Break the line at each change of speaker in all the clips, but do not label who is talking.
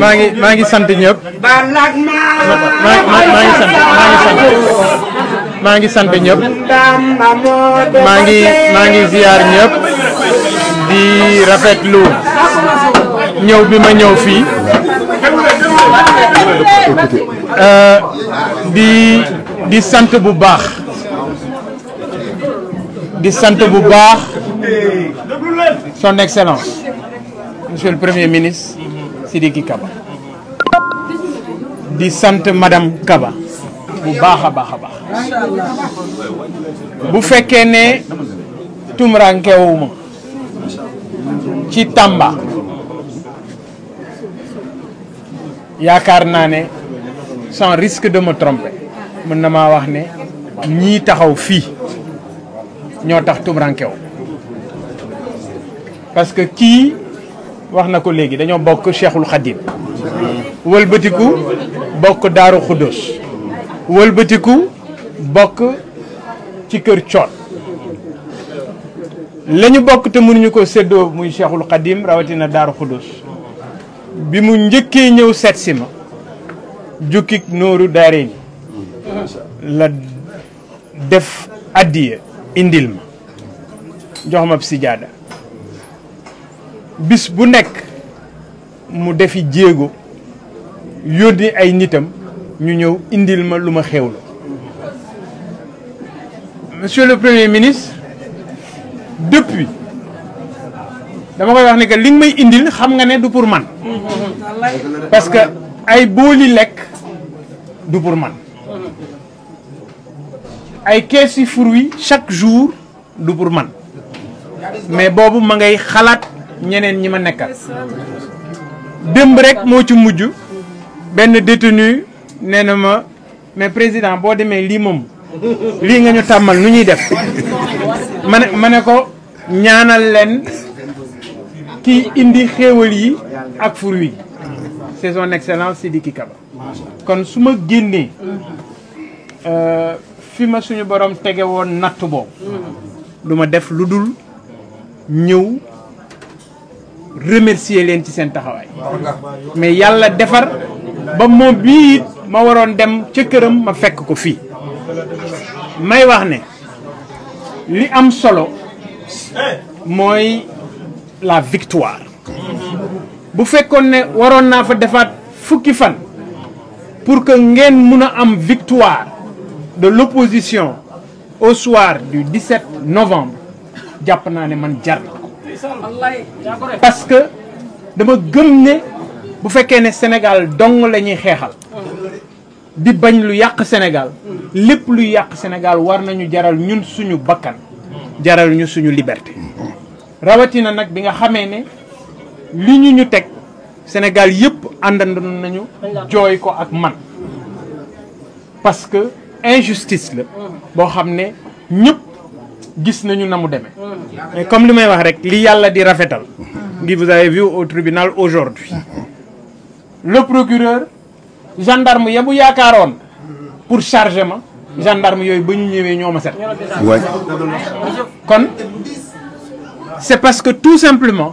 maa ngi maa ngi sant ñëpp.
maa ngi sant maa ngi sant
maa ngi sant ñëpp.
maa ngi maa ngi ziar
ñëpp di rafetlu ñëw bi ma ñëw fii euh, di di sant bu baax di sant bu baax son excellence monsieur le premier ministre. Sidiki Kaba di sante madame Kaba bu baakha baakha baax bu fekke ne wuma
ci Tamba
yaakaar naane sans risque de me tromper mën na ma wax ne ñi taxaw fi ño tax parce que ki wax na ko léegi dañoo bokk cheikhul xadim wëlbatiku bokk daaru xuddos wëlbatiku bokk ci kër coon la bokk te mënuñu ko séddoo muy cheikhul xadim rawatina daaru xuddos bi mu njëkkee ñëw seet si ma jukkik nooru daare la def addiya indil ma jox ma sijaada bis bu nek mu defi diego yodi ay nitam ñu ñew indil ma luma xewlu monsieur le premier ministre depuis dama koy wax ni que li may indil xam nga ne du pour man parce que ay boli lek du pour man ay kees fruits chaque jour du pour man mais bobu ma ngay xalat ñeneen ñima nekkal demb rek mo ci muju ben détenu néna ma mais président bo démé li mom li nga ñu tamal nu ñuy def mané ne ko ñaanal leen ki indi xéewal yi ak furwi c'est son excellence Sidiki Kaba kon suma génné euh fi ma suñu borom téggé won natt bo luma def ludul, ñew remercier les ci seen taxawaay mais Yalla defar ba moom bii ma waron dem ca këram ma fekk ko fi. may wax ne li am solo mooy la victoire bu fekkoon ne waroon naa fa defaat fukki fan pour que ngeen muna am victoire de l'opposition au soir du 17 novembre jàpp naa ne man jar parce que dama gëm ne bu fekkee ne Sénégal dong la ñuy di bagn lu yak Sénégal lépp lu yak Sénégal war nañu jaral ñun suñu bakkan jaral ñu suñu liberté na nak bi nga xamé né li ñu ñu Sénégal yépp àndandoon nañu joy ko ak man parce que injustice la bo xamné ne ñëpp gis nañu namu démé
mm. mais comme
limay wax rek li yalla di rafétal di mm-hmm. vous avez vu au tribunal aujourd'hui le procureur gendarme ya yakaron pour charger ma gendarme yoy ba ñu ñoma sét kon c'est parce que tout simplement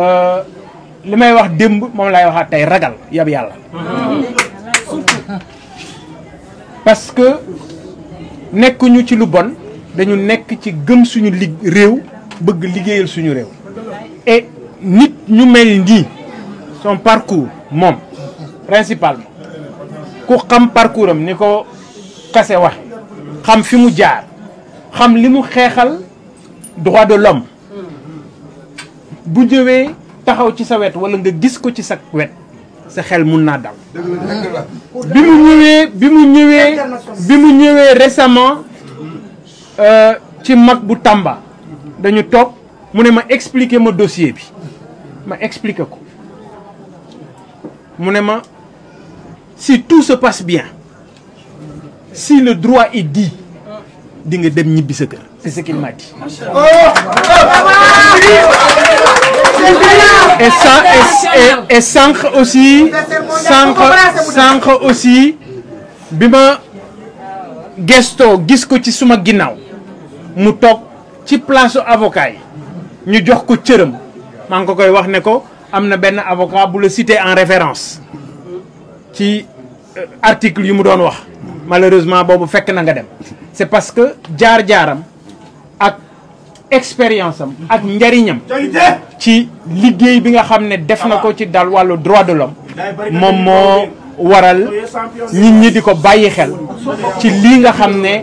euh limay wax demb mom lay waxaat tay ragal yab yalla
mm-hmm.
parce que nekkuñu ci lu bon dañu nekk ci gëm suñu lig réew bëgg liggéeyal suñu réew et nit ñu mel nii son parcours moom principalement ku xam parcours am ni ko kase wax xam fi mu jaar xam li mu xeexal droit de l'homme bu jëwee taxaw ci sa wet wala nga gis ko ci sa wet sa xel mun naa dal
bi mu ñëwee
bi mu ñëwee bi mu ñëwee récemment Euh, ci mag bu Tamba dañu top mu ne ma expliquer ma dossier bi ma expliquer ko mu ne ma si tout se passe bien si le droit est dit di nga dem ñibbi sa kër c'est ce qu'il m'a dit
et ça et
et sànq aussi sànq sànq aussi Bima Gesto, gestoo gis ko ci suma mu tok ci place avocat pour ñu jox ko ne ko avocat en référence ci euh, article yu malheureusement c'est parce que jaar-jaaram ak expérience am ak njariñam ci liggéey bi nga def droit de
l'homme
waral ñi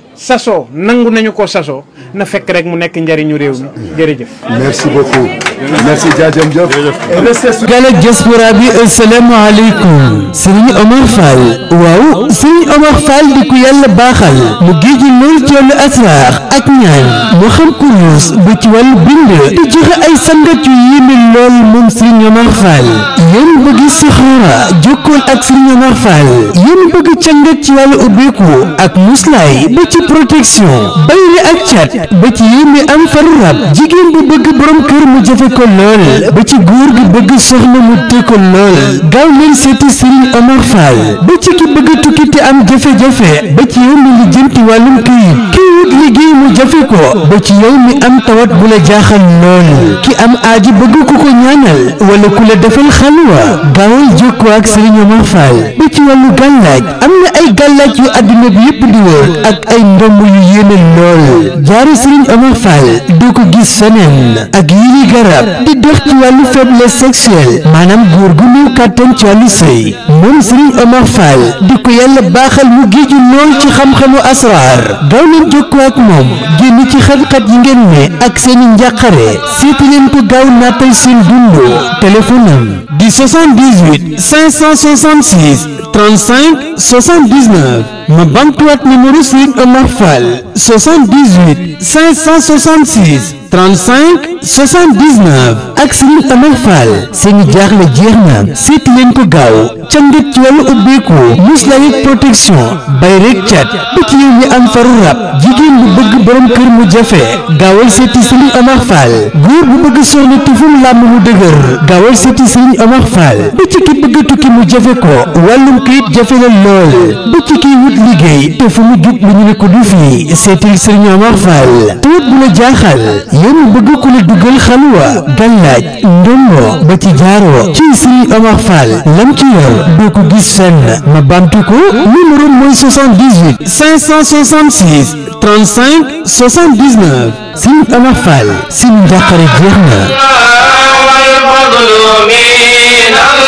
sasoo nangu nañu ko sasoo na fekk rek mu nekk njëriñu réew
mi jërëjëf. merci beaucoup merci jaajëm jëf. jërëjëf gala diaspora bi asalaamaaleykum. Serigne Omar Fall. waaw Serigne Omar Fall di ku yàlla baaxal. mu géeju lool ci wàllu asraar ak ñaan. moo xam kuruus ba ci wàllu bind. di joxe ay sangat yu yéeme lool moom Serigne Omar Fall. yéen bëgg sixaara jokkool ak Serigne Omar Fall. bëgg cangat ci wàllu ubbeeku ak muslaay ba ci protection bayri ak cat ba ci yéeme am faru jigéen bu bëgg borom kër mu jafe ko lool ba ci góor gi bëgg soxna mu te ko lool gaaw leen seeti Serigne Omar ba ci ki bëgg tukki am jafe-jafe ba ci yéeme li jëm wàllum këyit wut liggéey mu jafe ko ba ci yow mi am tawat bu la jaaxal loolu ki am aaji bëgg ko ko ñaanal wala ku la defal wa gaawal jokkoo ak Sëriñ Omar Fall ba ci wàllu gàllaaj am na ay gàllaaj yu àdduna bi yëpp di wër ak ay ndomb yu yéene lool jaaru Sëriñ Omar Fall doo ko gis feneen ak yi ni garab di dox ci wàllu faiblesse sexuelle maanaam góor gu néew kàttan ci wàllu sëy moom Sëriñ Omar Fall di ko yàlla baaxal mu géeju lool ci xam-xamu asraar jokkoo ak moom génn ci xat-xat yi ngeen ne ak seeni njàqare seeti leen ko gaaw nattal seen dundoo téléphone am di 78 566 35 79 ma bamtuwaat numéro Serigne Omar Fall 78 566 35 79 ak Serigne Omar Fall seeni jaaxle na seeti leen ko gaaw cëngët ci wàllu ubbeeku mus la it protection bay cat ba ci yow mi am faru rab jigéen bu bëgg borom kër mu jafe gaawal seeti Serigne Omar Fall góor bu bëgg soxna tiful làmb mu dëgër gaawal seeti Serigne Omar Fall ba ci ki mu jafe ko wàllum kayit jafe la lool ba ci wut liggéey te fu mu jug lu ñu ne ko du fii seetil Serigne Omar Fall tawat bu la jaaxal yow mi bëgg ku la dugal xalwa gàllaaj ndongo ba ci jaaroo ci Serigne Omar lam ci yor doo ko gis fenn ma bamtu ko numéro mooy 78 566 35 79 Serigne
Omar